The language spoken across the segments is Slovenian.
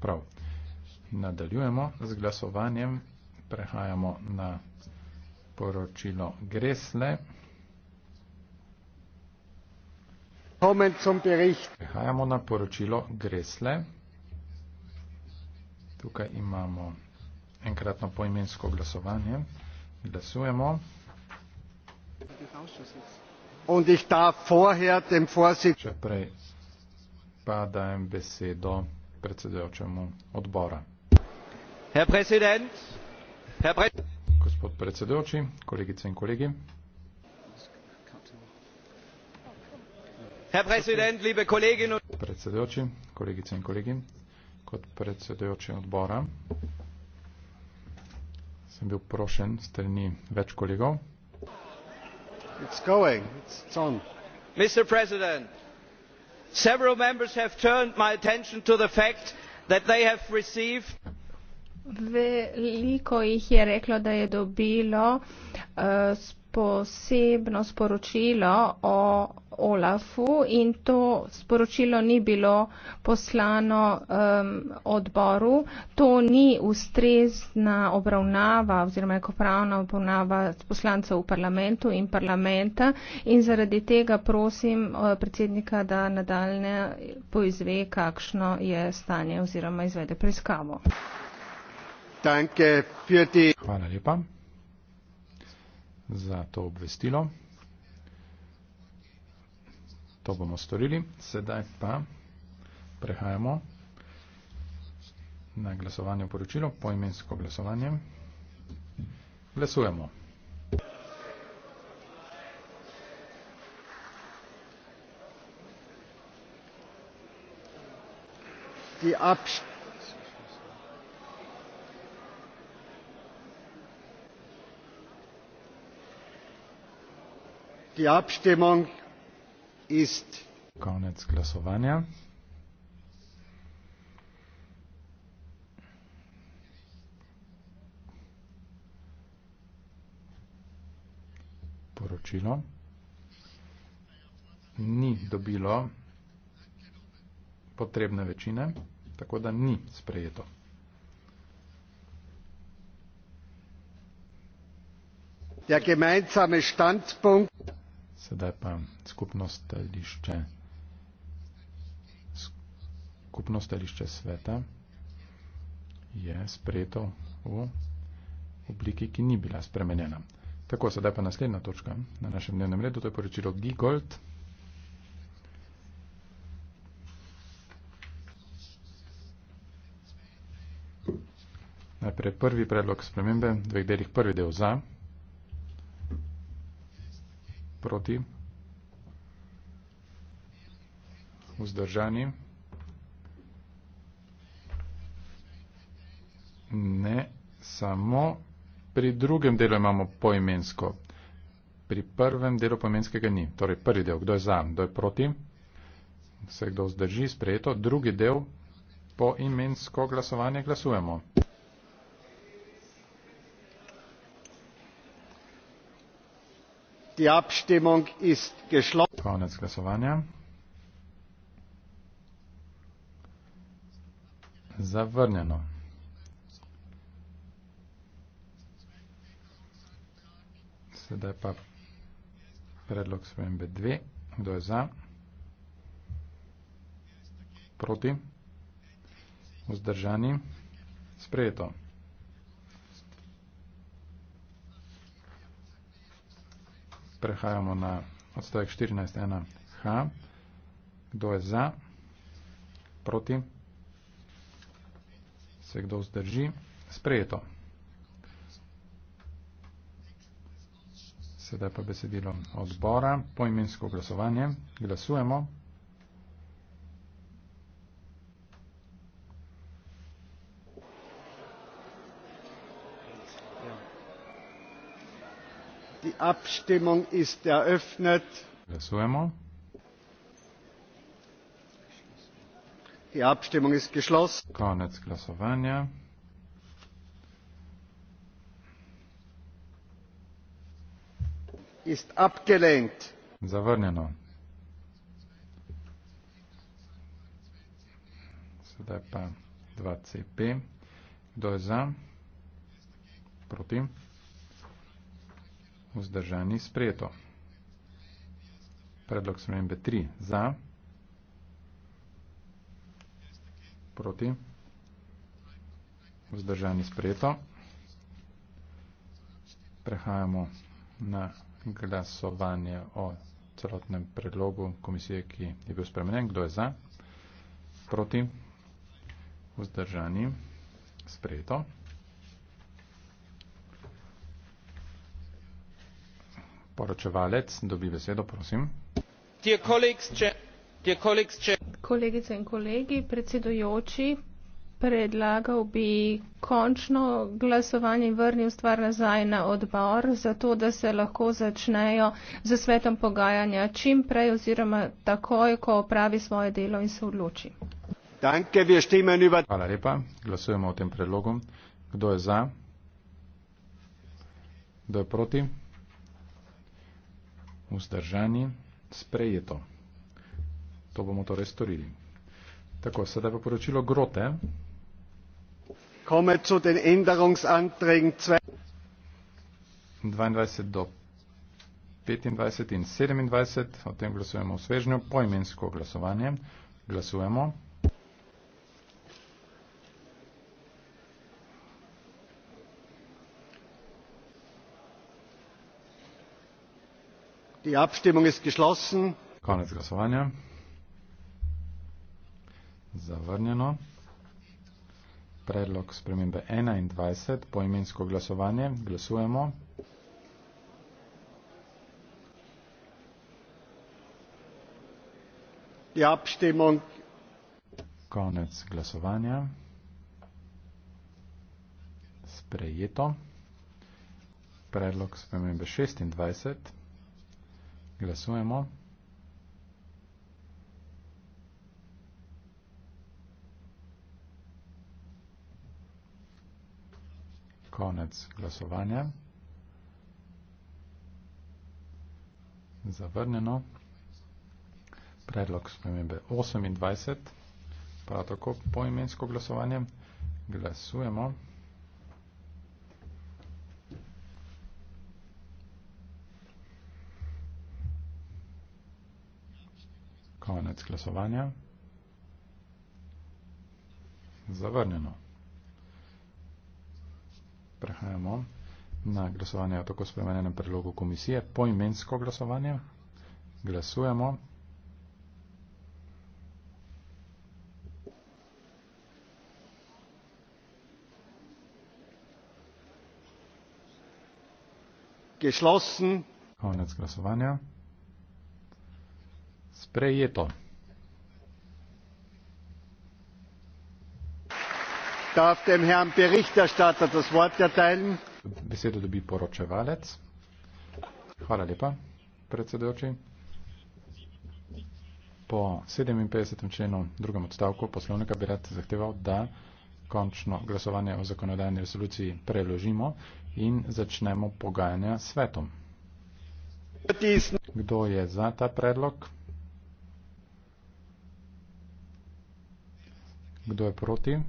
Prav. Nadaljujemo z glasovanjem. Prehajamo na poročilo Gresle. Prehajamo na poročilo Gresle. Tukaj imamo enkratno poimensko glasovanje. Glasujemo. Če prej pa dajem besedo predsedujočemu odbora. Herr Präsident, Herr Prä Gospod predsedujoči, kolegice in kolegi. Herr Präsident, liebe Kolleginnen und Predsedujoči, kolegice in kolegi, kot predsedujoči odbora sem bil prošen strani več kolegov. It's going, it's on. Mr. President, several members have turned my attention to the fact that they have received veliko jih je reklo da je dobilo uh, posebno sporočilo o Olafu in to sporočilo ni bilo poslano um, odboru. To ni ustrezna obravnava oziroma ekopravna obravnava poslancev v parlamentu in parlamenta in zaradi tega prosim uh, predsednika, da nadaljne poizve, kakšno je stanje oziroma izvede preiskavo. Danke für die Hvala lepa za to obvestilo. To bomo storili. Sedaj pa prehajamo na glasovanje poročilo po imensko glasovanje. Glasujemo. Die Abstimmung. die abstimmung ist konec glasovanja poročilo ni dobilo potrebne večine tako da ni sprejeto Der gemeinsame Standpunkt Sedaj pa skupnost stališče, skupnost stališče sveta je sprejeto v obliki, ki ni bila spremenjena. Tako, sedaj pa naslednja točka na našem dnevnem redu, to je poročilo Gigold. Najprej prvi predlog spremembe, dveh delih prvi del za proti, vzdržani, ne, samo pri drugem delu imamo poimensko, pri prvem delu poimenskega ni, torej prvi del, kdo je za, kdo je proti, vse kdo vzdrži, sprejeto, drugi del, poimensko glasovanje glasujemo. die abstimmung ist geschlossen. Zavrnjeno. Sedaj pa predlog spremembe 2. Kdo je za? Proti? Vzdržani? Sprejeto. prehajamo na odstavek 14.1h. Kdo je za? Proti? Se kdo zdrži? Sprejeto. Sedaj pa besedilo odbora. Poimensko glasovanje. Glasujemo. abstimmung ist eröffnet. die abstimmung ist geschlossen. koniec głosowania. ist abgelehnt. Zawarniono. Zdepa 2CP. Kdo je za? Proti? vzdržani sprejeto. Predlog spremembe 3 za, proti, vzdržani sprejeto. Prehajamo na glasovanje o celotnem predlogu komisije, ki je bil spremenjen. Kdo je za, proti, vzdržani sprejeto. poročevalec dobi besedo, prosim. Kolegice in kolegi, predsedujoči, predlagal bi končno glasovanje in vrnil stvar nazaj na odbor, zato da se lahko začnejo za svetom pogajanja čim prej oziroma takoj, ko opravi svoje delo in se odloči. Hvala lepa. Glasujemo o tem predlogu. Kdo je za? Kdo je proti? vzdržanje, sprejeto. To bomo torej storili. Tako, sedaj pa poročilo grote. Komme zu den Änderungsanträgen 22 do 25 in 27, o tem glasujemo v svežnju, poimensko glasovanje. Glasujemo. Die Abstimmung ist geschlossen. Konec glasovanja. Zavrnjeno. Predlog spremembe 21, poimensko glasovanje. Glasujemo. Die Abstimmung. Konec glasovanja. Sprejeto. Predlog spremembe 26. Glasujemo. Konec glasovanja. Zavrnjeno. Predlog spremembe 28, pa tako poimensko glasovanje. Glasujemo. Glasujemo. konec glasovanja. Zavrnjeno. Prehajamo na glasovanje o tako spremenjenem predlogu komisije. Poimensko glasovanje. Glasujemo. Geschlossen. Konec glasovanja sprejeto. Darf dem Herrn Berichterstatter das Wort erteilen? Besedo dobi poročevalec. Hvala lepa, predsedujoči. Po 57. členu drugem odstavku poslovnika bi rad zahteval, da končno glasovanje o zakonodajni resoluciji preložimo in začnemo pogajanja s svetom. Kdo je za ta predlog? Kdo je proti?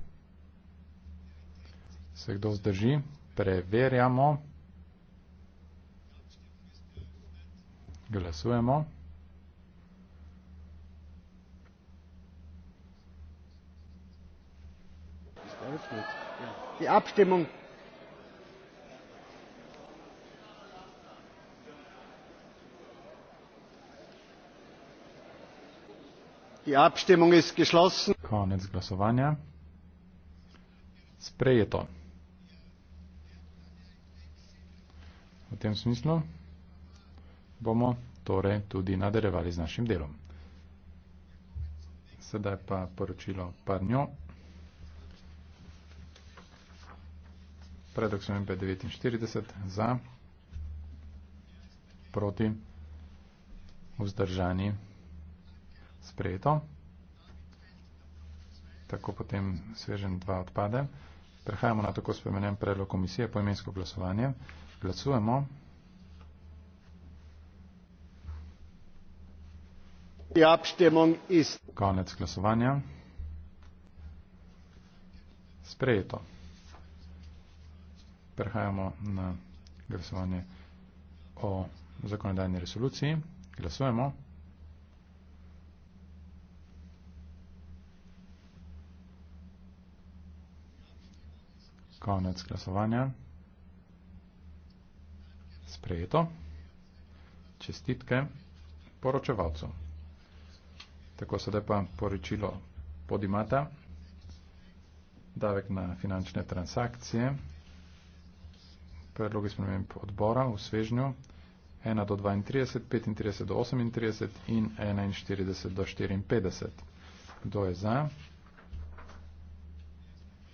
Se kdo zdrži? Preverjamo. Glasujemo. Die Abstimmung. Die Abstimmung ist geschlossen konec glasovanja. Sprejeto. V tem smislu bomo torej tudi nadaljevali z našim delom. Sedaj pa poročilo par njo. Predok sem MP49 za, proti, vzdržani, sprejeto tako potem svežen dva odpade. Prehajamo na tako spremenjen predlog komisije po imensko glasovanje. Glasujemo. Konec glasovanja. Sprejeto. Prehajamo na glasovanje o zakonodajni resoluciji. Glasujemo. Konec glasovanja. Sprejeto. Čestitke poročevalcu. Tako sedaj pa poročilo podimata. Davek na finančne transakcije. Predlogi sprememb odbora v svežnju 1 do 32, 35 do 38 in 41 do 54. Kdo je za?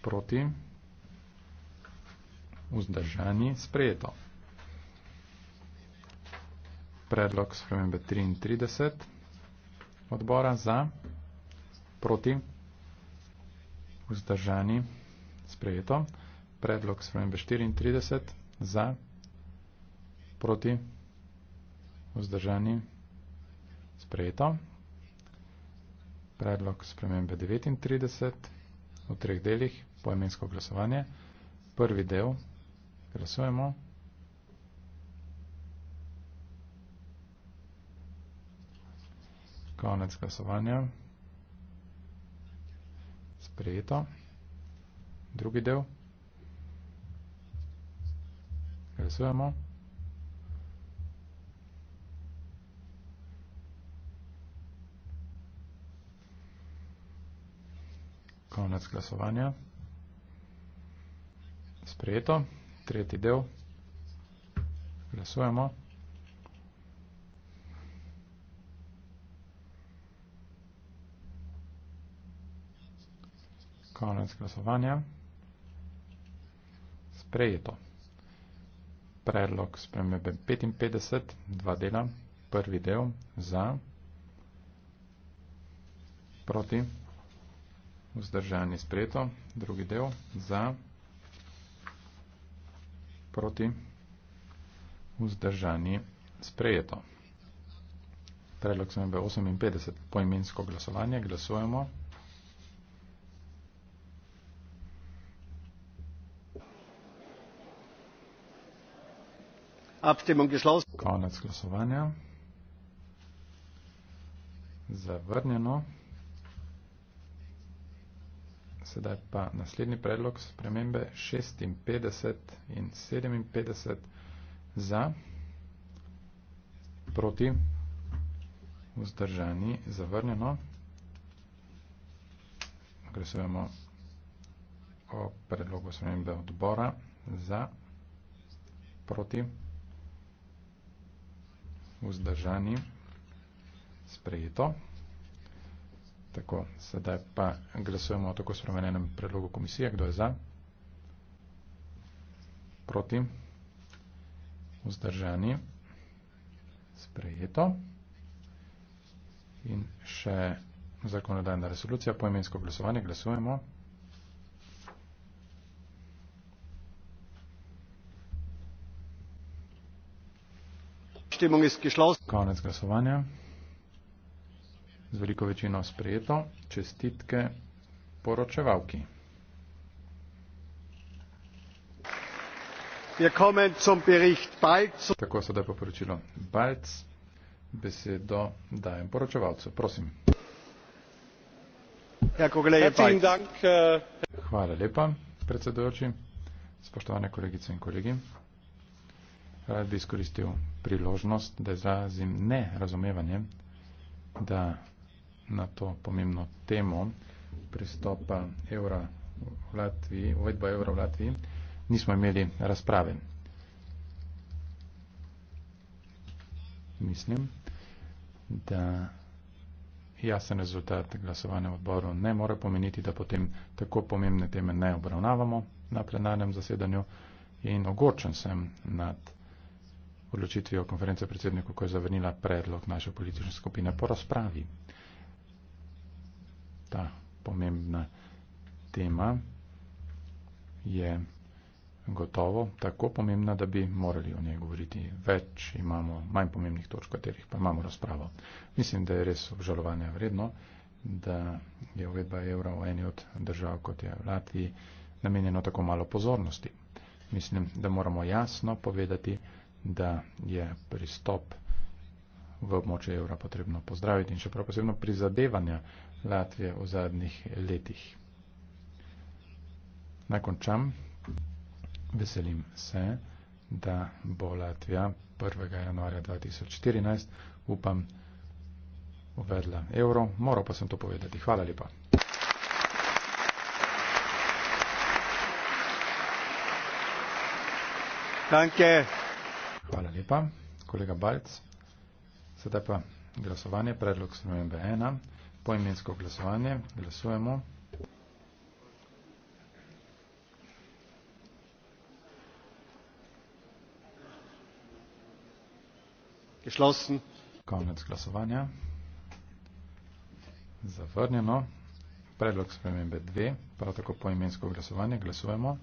Proti? vzdržanje sprejeto. Predlog spremembe 33 odbora za proti vzdržanje sprejeto. Predlog spremembe 34 za proti vzdržanje sprejeto. Predlog spremembe 39 v treh delih poemensko glasovanje. Prvi del Glasujemo. Konec glasovanja. Sprejeto. Drugi del. Glasujemo. Konec glasovanja. Sprejeto tretji del. Glasujemo. Konec glasovanja. Sprejeto. Predlog spremembe 55, dva dela, prvi del za, proti, vzdržani sprejeto, drugi del za proti vzdržani sprejeto. Predlog sem 58. Poimensko glasovanje. Glasujemo. Konec glasovanja. Zavrnjeno sedaj pa naslednji predlog spremembe 56 in 57 za, proti, vzdržani, zavrnjeno. Glasujemo o predlogu spremembe odbora za, proti, vzdržani, sprejeto. Tako, sedaj pa glasujemo o tako spremenjenem predlogu komisije. Kdo je za? Proti? Vzdržani? Sprejeto. In še zakonodajna resolucija. Poimensko glasovanje glasujemo. Konec glasovanja z veliko večino sprejeto. Čestitke poročevalki. Tako sedaj pa poročilo Balc. Besedo dajem poročevalcu. Prosim. Äh, Hvala lepa, predsedujoči, spoštovane kolegice in kolegi. Rad bi izkoristil priložnost, da izrazim nerazumevanje, da na to pomembno temo pristopa evra v Latviji, uvedba evra v Latviji, nismo imeli razprave. Mislim, da jasen rezultat glasovanja v odboru ne more pomeniti, da potem tako pomembne teme ne obravnavamo na plenarnem zasedanju in ogorčen sem nad odločitvijo konference predsednikov, ko je zavrnila predlog naše politične skupine po razpravi ta pomembna tema je gotovo tako pomembna, da bi morali o njej govoriti več, imamo manj pomembnih točk, katerih pa imamo razpravo. Mislim, da je res obžalovanje vredno, da je uvedba evra v eni od držav, kot je Latvija, namenjeno tako malo pozornosti. Mislim, da moramo jasno povedati, da je pristop v območje evra potrebno pozdraviti in še prav posebno prizadevanja Latvije v zadnjih letih. Nakončam, veselim se, da bo Latvija 1. januarja 2014, upam, uvedla evro. Moral pa sem to povedati. Hvala lepa. Danke. Hvala lepa, kolega Balc. Sedaj pa glasovanje, predlog spremembe 1 poimensko glasovanje. Glasujemo. Geschlossen. Konec glasovanja. Zavrnjeno. Predlog spremembe 2, prav tako poimensko glasovanje. Glasujemo.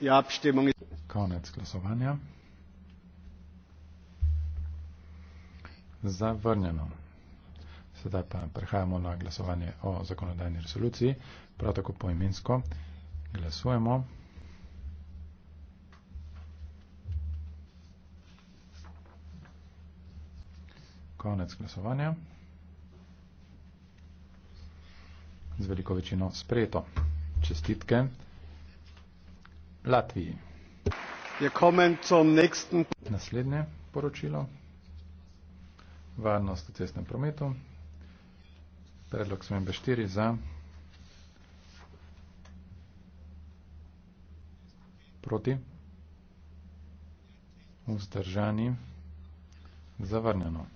Ja, Konec glasovanja. zavrnjeno. Sedaj pa prehajamo na glasovanje o zakonodajni resoluciji, prav tako poimensko glasujemo. Konec glasovanja. Z veliko večino sprejeto. Čestitke Latviji. Naslednje poročilo varnost v cestnem prometu. Predlog smembe 4 za. Proti. Vzdržani. Zavrnjeno.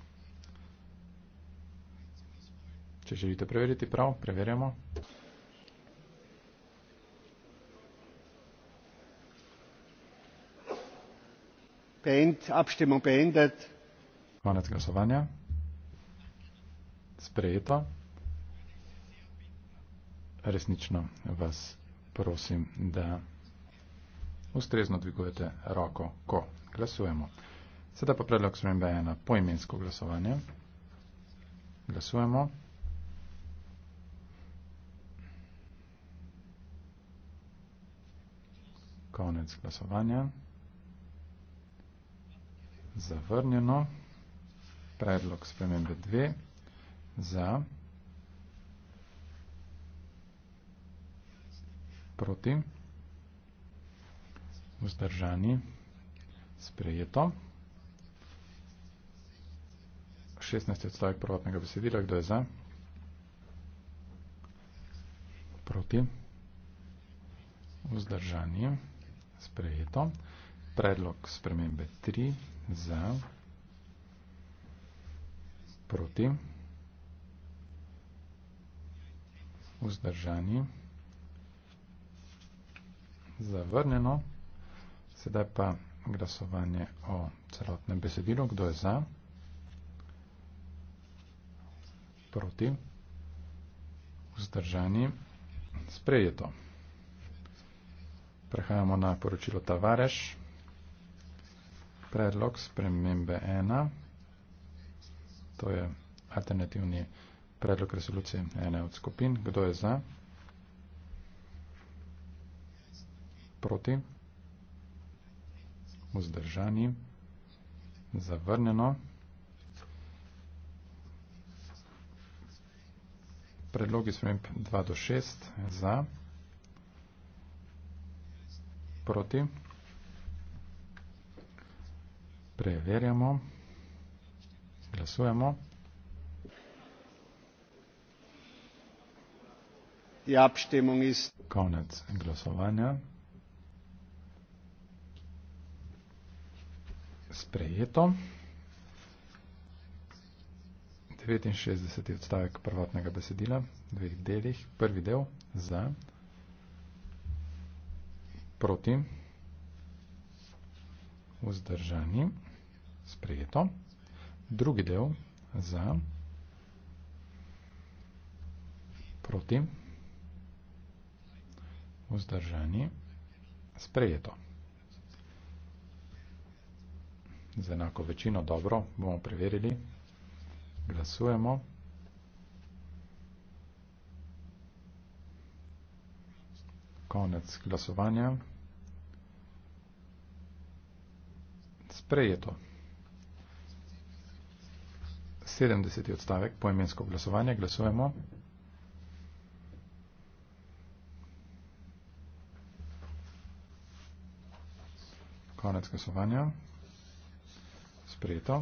Če želite preveriti prav, preverjamo. Beend, abstimmung beendet. Konec glasovanja. Sprejeto. Resnično vas prosim, da ustrezno dvigujete roko, ko glasujemo. Sedaj pa predlog spremembe ena poimensko glasovanje. Glasujemo. Konec glasovanja. Zavrnjeno predlog spremembe 2 za proti vzdržani sprejeto 16. odstavek prvotnega besedila, kdo je za proti vzdržani sprejeto predlog spremembe 3 za proti proti, vzdržani, zavrnjeno, sedaj pa glasovanje o celotnem besedilu, kdo je za, proti, vzdržani, sprejeto. Prehajamo na poročilo Tavareš, predlog spremembe 1. To je alternativni predlog resolucije ene od skupin. Kdo je za? Proti? Vzdržani? Zavrneno? Predlogi sprememb 2 do 6 za, proti, preverjamo. Glasujemo. Konec glasovanja. Sprejeto. 69. odstavek prvotnega besedila, dveh delih, prvi del za, proti, vzdržani, sprejeto drugi del za proti vzdržanje sprejeto. Z enako večino dobro bomo preverili. Glasujemo. Konec glasovanja. Sprejeto. 70. odstavek poimensko glasovanje. Glasujemo. Konec glasovanja. Sprejeto.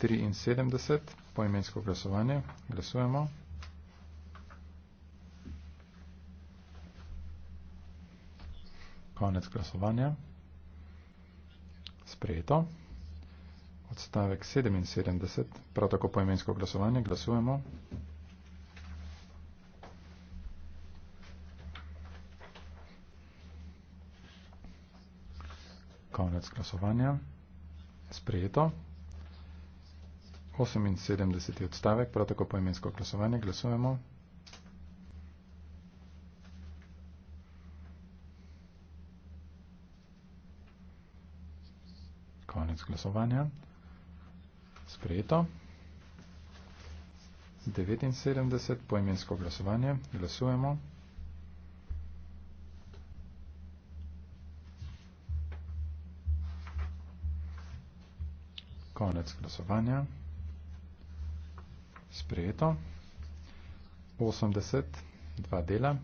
73. poimensko glasovanje. Glasujemo. Konec glasovanja. Sprejeto odstavek 77, prav tako poimensko glasovanje, glasujemo. Konec glasovanja, sprejeto. 78. odstavek, prav tako poimensko glasovanje, glasujemo. Konec glasovanja. Sprejeto. 79 poimensko glasovanje. Glasujemo. Konec glasovanja. Sprejeto. 80, dva dela.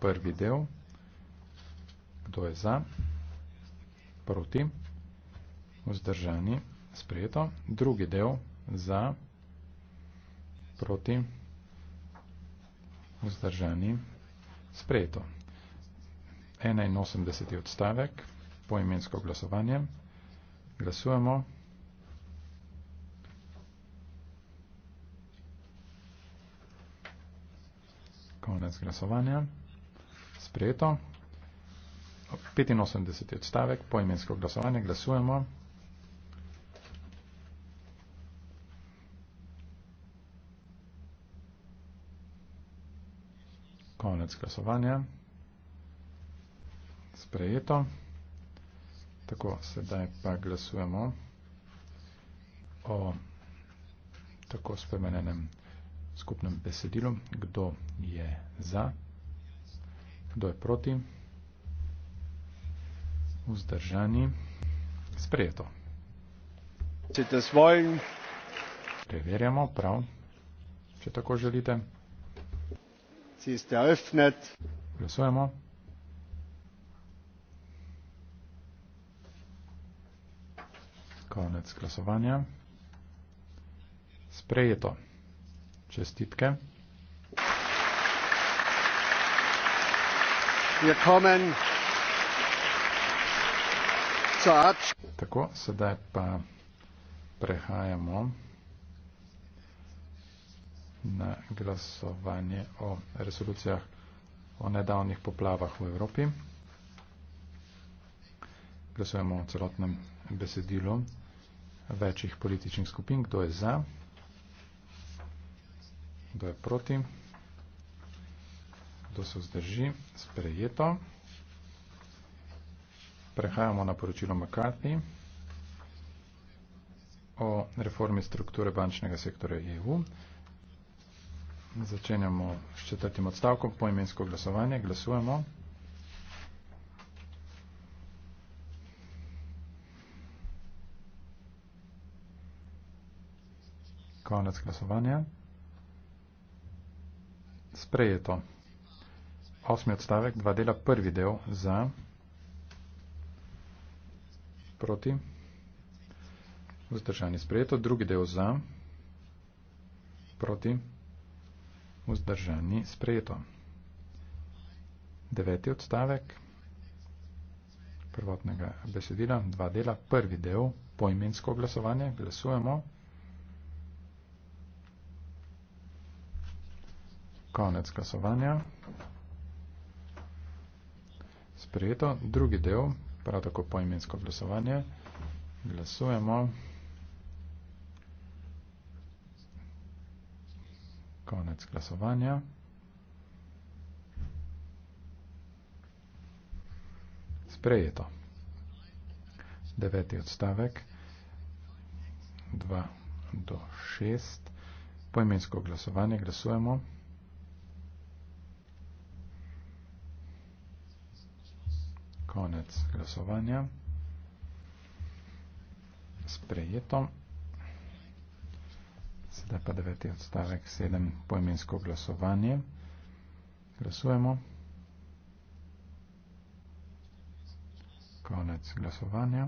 Prvi del. Kdo je za? Proti. Vzdržani sprejeto. Drugi del za proti vzdržani sprejeto. 81. odstavek po imensko glasovanje. Glasujemo. Konec glasovanja. Sprejeto. 85. odstavek po imensko glasovanje. Glasujemo. Glasujemo. konec glasovanja. Sprejeto. Tako, sedaj pa glasujemo o tako spremenjenem skupnem besedilu, kdo je za, kdo je proti, vzdržani, sprejeto. Preverjamo prav, če tako želite sie ist eröffnet. Glasujemo. Konec glasovanja. Sprejeto. Čestitke. Wir kommen zur Tako, sedaj pa prehajamo na glasovanje o resolucijah o nedavnih poplavah v Evropi. Glasujemo o celotnem besedilu večjih političnih skupin, kdo je za, kdo je proti, kdo se vzdrži, sprejeto. Prehajamo na poročilo McCarthy o reformi strukture bančnega sektora EU. Začenjamo s četrtim odstavkom poimensko glasovanje. Glasujemo. Konec glasovanja. Sprejeto. Osmi odstavek, dva dela, prvi del za, proti, vzdržanje sprejeto, drugi del za, proti, vzdržanje sprejeto vzdržani sprejeto. Deveti odstavek prvotnega besedila, dva dela, prvi del, poimensko glasovanje, glasujemo. Konec glasovanja. Sprejeto, drugi del, prav tako poimensko glasovanje, glasujemo. konec glasovanja. Sprejeto. Deveti odstavek. 2 do 6. Poimensko glasovanje glasujemo. Konec glasovanja. Sprejeto. Sedaj pa deveti odstavek, sedem poimensko glasovanje. Glasujemo. Konec glasovanja.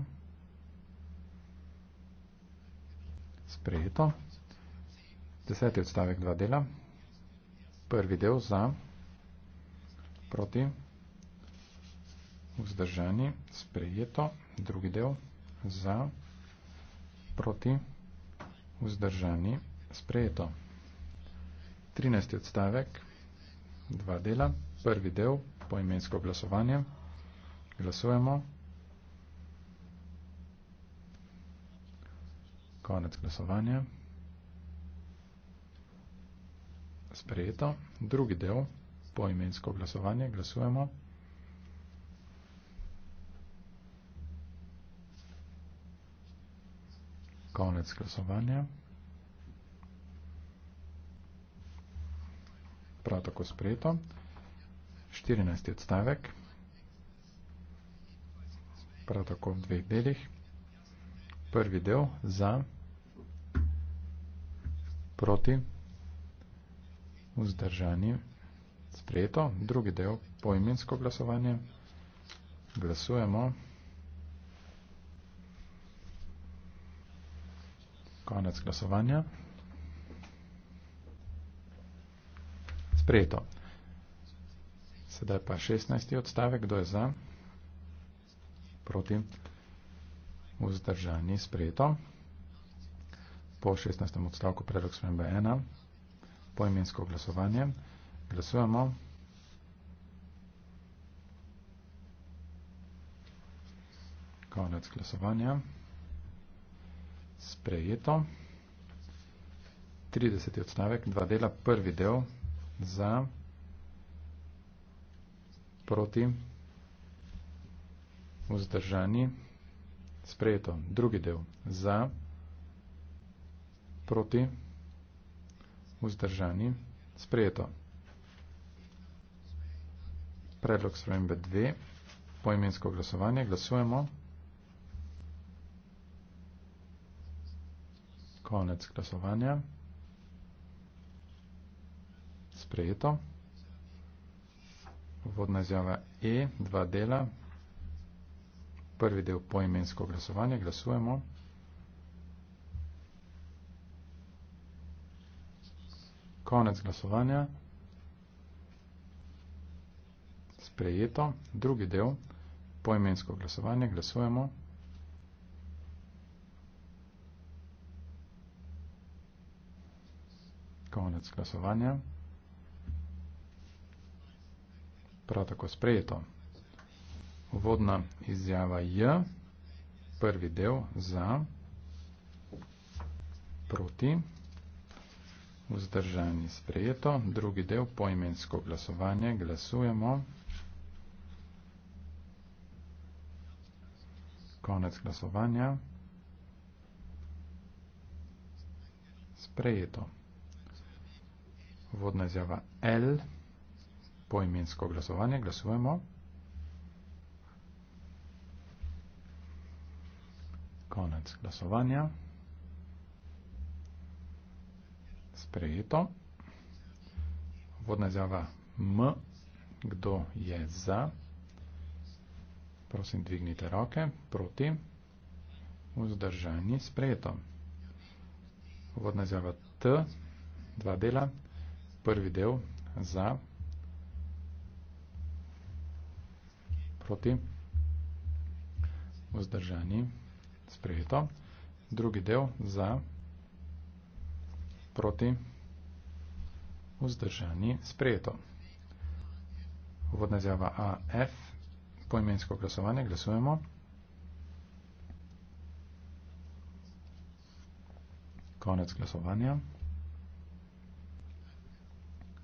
Sprejeto. Deseti odstavek, dva dela. Prvi del za, proti, vzdržani, sprejeto. Drugi del za, proti, vzdržani, sprejeto sprejeto. 13. odstavek, dva dela, prvi del, poimensko glasovanje, glasujemo, konec glasovanja, sprejeto, drugi del, poimensko glasovanje, glasujemo, konec glasovanja, glasujemo, prav tako sprejeto. 14. odstavek, prav tako v dveh delih. Prvi del za, proti, vzdržani, sprejeto. Drugi del poimensko glasovanje. Glasujemo. Konec glasovanja. sprejeto. Sedaj pa 16. odstavek, kdo je za, proti, vzdržani, sprejeto. Po 16. odstavku predlog smembe 1, poimensko glasovanje, glasujemo. Konec glasovanja, sprejeto. 30. odstavek, dva dela, prvi del, za, proti, vzdržani, sprejeto. Drugi del, za, proti, vzdržani, sprejeto. Predlog spremembe 2, poimensko glasovanje, glasujemo. Konec glasovanja sprejeto. Vodna izjava E, dva dela. Prvi del poimensko glasovanje, glasujemo. Konec glasovanja. Sprejeto. Drugi del poimensko glasovanje, glasujemo. Konec glasovanja. prav tako sprejeto. Uvodna izjava J, prvi del za, proti, vzdržani sprejeto, drugi del poimensko glasovanje, glasujemo, konec glasovanja, sprejeto. Vodna izjava L, prvi del za, proti, vzdržani sprejeto, drugi del poimensko glasovanje, glasujemo, konec glasovanja, sprejeto. Vodna izjava L, poimensko glasovanje. Glasujemo. Konec glasovanja. Sprejeto. Vodna izjava M. Kdo je za? Prosim, dvignite roke. Proti. Vzdržanje. Sprejeto. Vodna izjava T. Dva dela. Prvi del za. poti, vzdržani, sprejeto. Drugi del za, proti, vzdržani, sprejeto. Uvodna izjava AF, poimensko glasovanje, glasujemo. Konec glasovanja.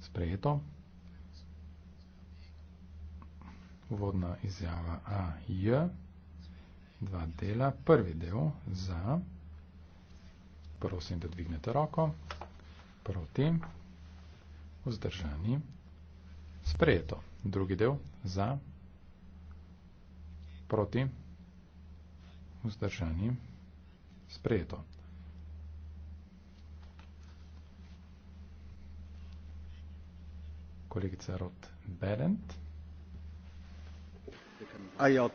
Sprejeto. vodna izjava A, J, dva dela, prvi del za, prosim, da dvignete roko, proti, vzdržani, sprejeto, drugi del za, proti, vzdržani, sprejeto. Kolegica Rot Berendt. Ja.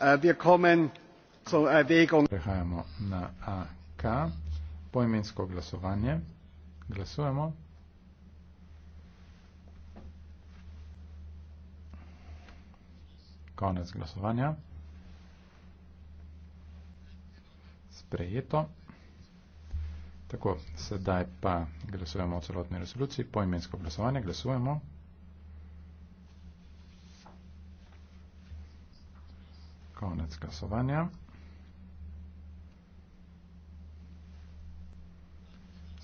Äh, wir kommen zur Erwägung. Prehajamo na AK. Poimensko glasovanje. Glasujemo. Konec glasovanja. Sprejeto. Tako, sedaj pa glasujemo o celotni resoluciji. Poimensko glasovanje. Glasujemo. Glasujemo. konec glasovanja.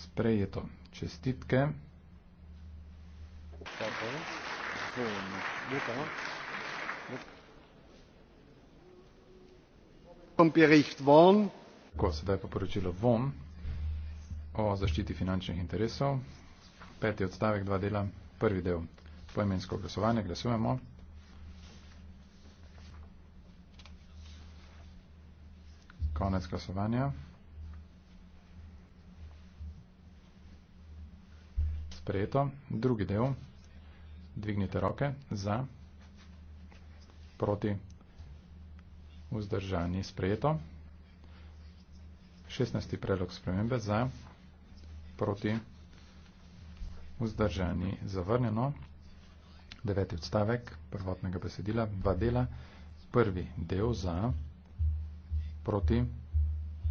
Sprejeto. Čestitke. Ko sedaj pa poročilo VOM o zaščiti finančnih interesov, peti odstavek, dva dela, prvi del poimensko glasovanje, glasujemo. konec glasovanja. Sprejeto. Drugi del. Dvignite roke za, proti, vzdržani. Sprejeto. 16. predlog spremembe za, proti, vzdržani. Zavrnjeno. Deveti odstavek prvotnega besedila. Dva dela. Prvi del za. Proti.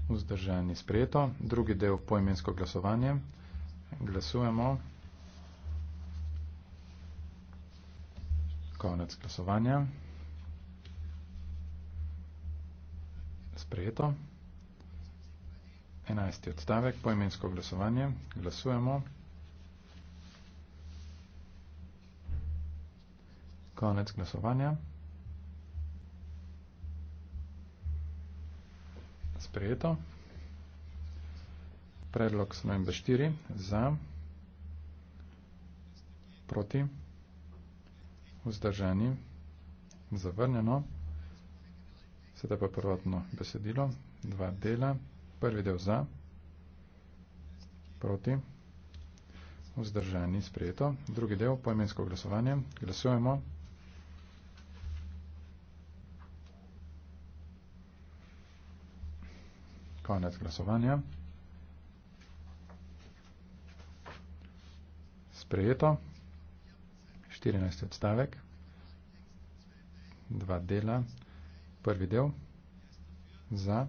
Vzdržanje sprejeto. Drugi del pojmensko glasovanje. Glasujemo. Konec glasovanja. Sprejeto. Enajsti odstavek. Pojmensko glasovanje. Glasujemo. Konec glasovanja. sprejeto. Predlog smembe 4 za, proti, vzdržani, zavrnjeno. Sedaj pa prvotno besedilo, dva dela, prvi del za, proti, vzdržani, sprejeto, drugi del pojmensko glasovanje, glasujemo. konec glasovanja. Sprejeto. 14. odstavek. Dva dela. Prvi del. Za.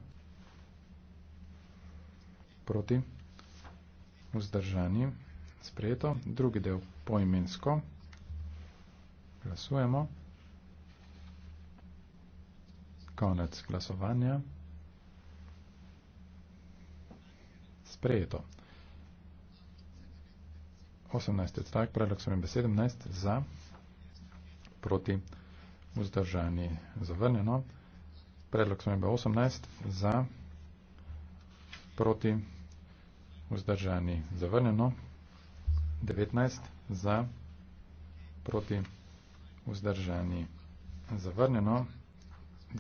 Proti. Vzdržani. Sprejeto. Drugi del poimensko. Glasujemo. Konec glasovanja. sprejeto. 18. odstavek, predlog sem 17, za, proti, vzdržani, zavrnjeno. Predlog sem 18, za, proti, vzdržani, zavrnjeno. 19, za, proti, vzdržani, zavrnjeno.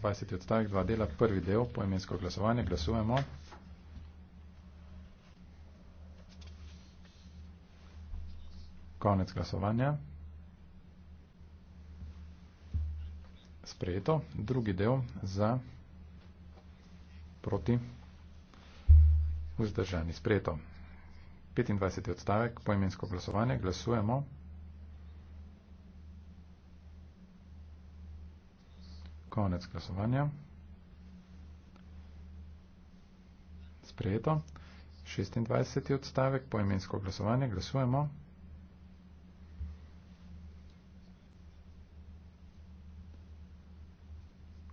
20. odstavek, dva dela, prvi del, poimensko glasovanje, glasujemo. Konec glasovanja. Sprejeto. Drugi del za proti vzdržani. Sprejeto. 25. odstavek. Poimensko glasovanje. Glasujemo. Konec glasovanja. Sprejeto. 26. odstavek. Poimensko glasovanje. Glasujemo. Glasujemo.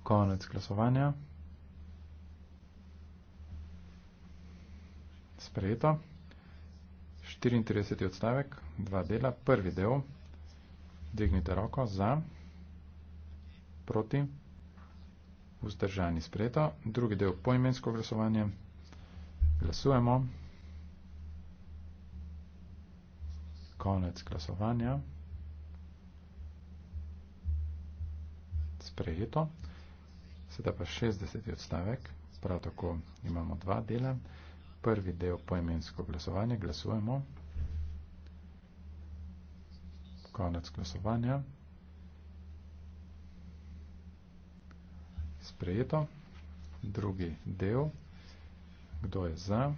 konec glasovanja. Sprejeto. 34. odstavek, dva dela, prvi del, dvignite roko za, proti, vzdržani sprejeto, drugi del poimensko glasovanje, glasujemo, konec glasovanja, sprejeto, Sedaj pa 60. odstavek, prav tako imamo dva dela. Prvi del poemensko glasovanje, glasujemo. Konec glasovanja. Sprejeto. Drugi del. Kdo je za?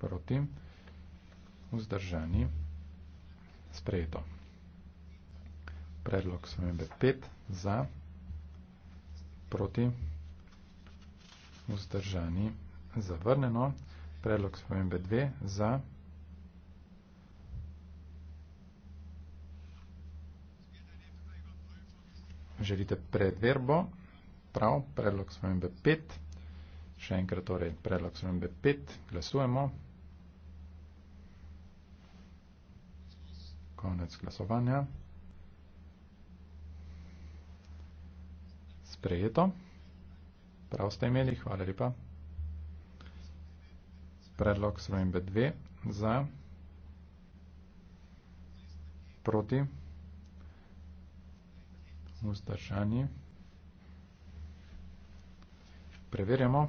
Proti. Vzdržani. Sprejeto. Predlog spremembe 5 za proti, vzdržani, zavrneno, predlog spremembe 2 za, želite predverbo, prav, predlog spremembe 5, še enkrat torej predlog spremembe 5, glasujemo, konec glasovanja. sprejeto. Prav ste imeli, hvala lepa. Predlog svojembe 2 za proti vzdržanji. Preverjamo.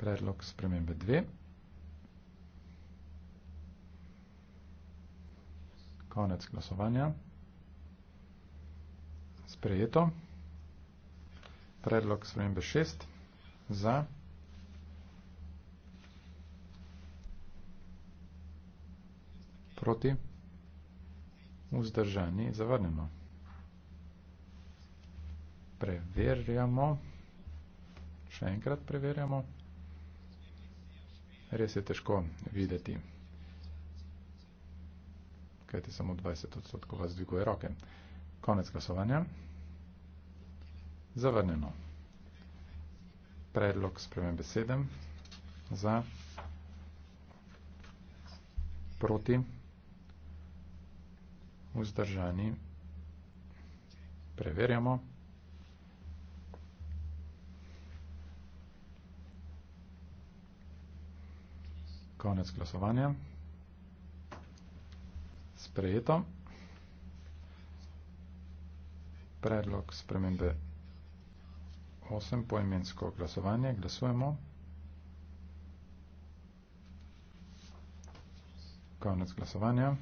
Predlog spremembe 2. Konec glasovanja sprejeto. Predlog spremembe 6 za. Proti. Vzdržani zavrnjeno. Preverjamo. Še enkrat preverjamo. Res je težko videti, kajti samo 20 odstotkov vas dviguje roke. Vzdržani zavrnjeno. Konec glasovanja. Zavrnjeno. Predlog spremembe 7 za proti vzdržani preverjamo. Konec glasovanja. Sprejeto. predlog spremembe 8 poimensko glasovanje. Glasujemo. Konec glasovanja.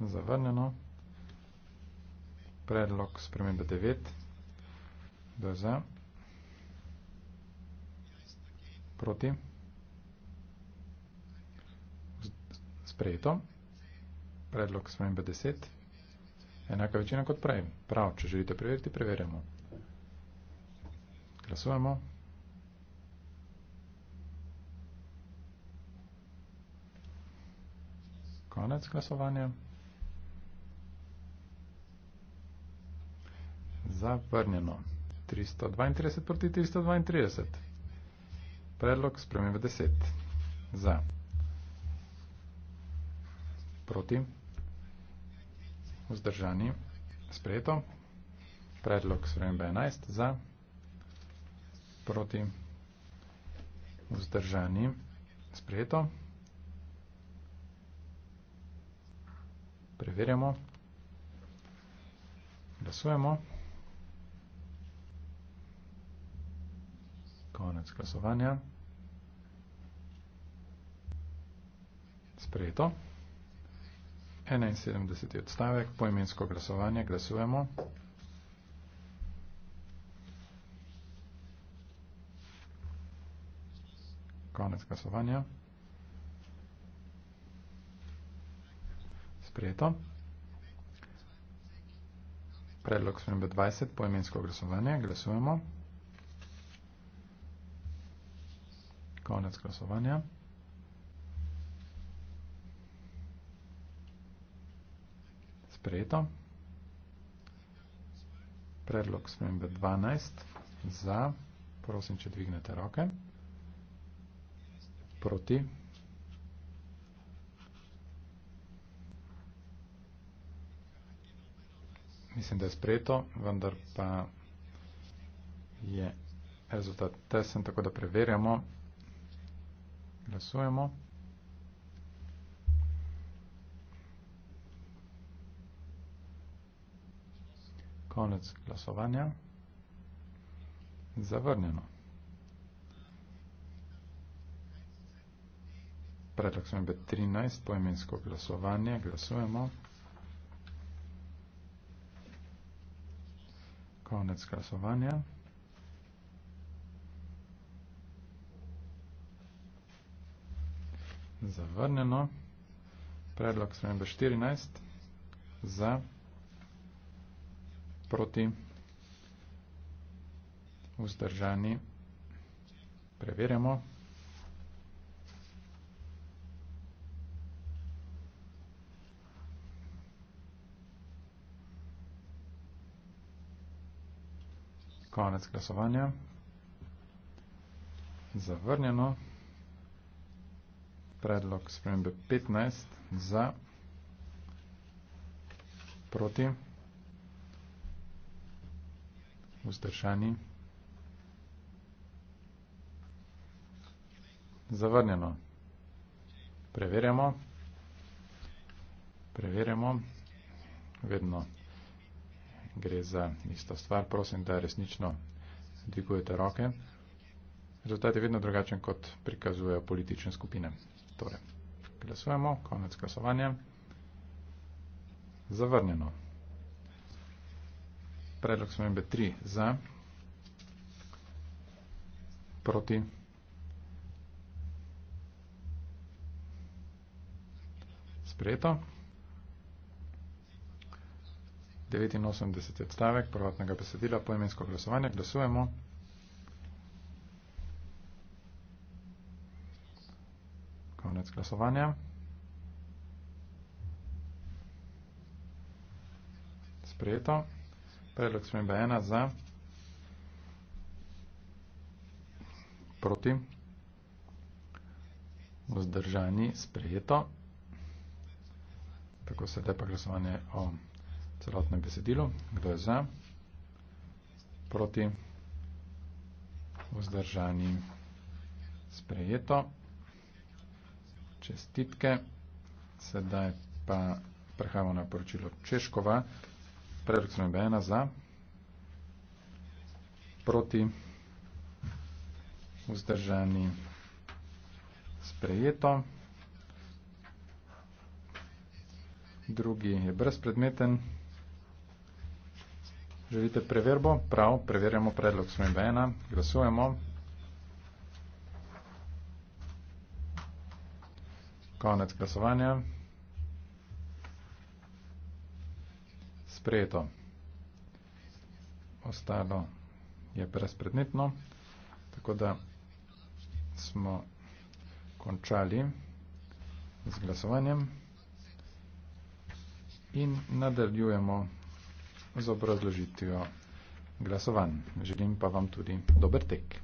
Zavrnjeno. Predlog spremembe 9. Kdo je za? Proti? Sprejeto predlog svojim B10, enaka večina kot prej. Prav, če želite preveriti, preverjamo. Glasujemo. Konec glasovanja. Zavrnjeno. 332 proti 332. Predlog spremembe 10. Za. Proti vzdržani, sprejeto, predlog spremembe 11 za, proti, vzdržani, sprejeto, preverjamo, glasujemo, konec glasovanja, sprejeto. 71. odstavek, poimensko glasovanje, glasujemo. Konec glasovanja. Sprejeto. Predlog smembe 20, poimensko glasovanje, glasujemo. Konec glasovanja. Konec glasovanja. sprejeto. Predlog spremembe 12 za, prosim, če dvignete roke, proti. Mislim, da je sprejeto, vendar pa je rezultat tesen, tako da preverjamo. Glasujemo. Glasujemo. Konec glasovanja. Zavrnjeno. Predlog smo imeli 13, poimensko glasovanje. Glasujemo. Konec glasovanja. Zavrnjeno. Predlog smo imeli 14. Za proti, vzdržani, preverjamo. Konec glasovanja. Zavrnjeno. Predlog spremembe 15 za proti vzdržani. Zavrnjeno. Preverjamo. Preverjamo. Vedno gre za isto stvar. Prosim, da resnično dvigujete roke. Rezultat je vedno drugačen, kot prikazujejo politične skupine. Torej, glasujemo, konec glasovanja. Zavrnjeno predlog smembe 3 za, proti. Sprejeto. 89. odstavek prvotnega besedila poimensko glasovanje. Glasujemo. Konec glasovanja. Sprejeto. Predlog smemba ena za. Proti. Vzdržani sprejeto. Tako se tepa glasovanje o celotnem besedilu. Kdo je za? Proti. Vzdržani sprejeto. Čestitke. Sedaj pa prehajamo na poročilo Češkova predlog spremembe ena za, proti, vzdržani, sprejeto. Drugi je brezpredmeten. Želite preverbo? Prav, preverjamo predlog spremembe ena, glasujemo. Konec glasovanja. sprejeto. Ostalo je brezpredmetno, tako da smo končali z glasovanjem in nadaljujemo z obrazložitvijo glasovanj. Želim pa vam tudi dober tek.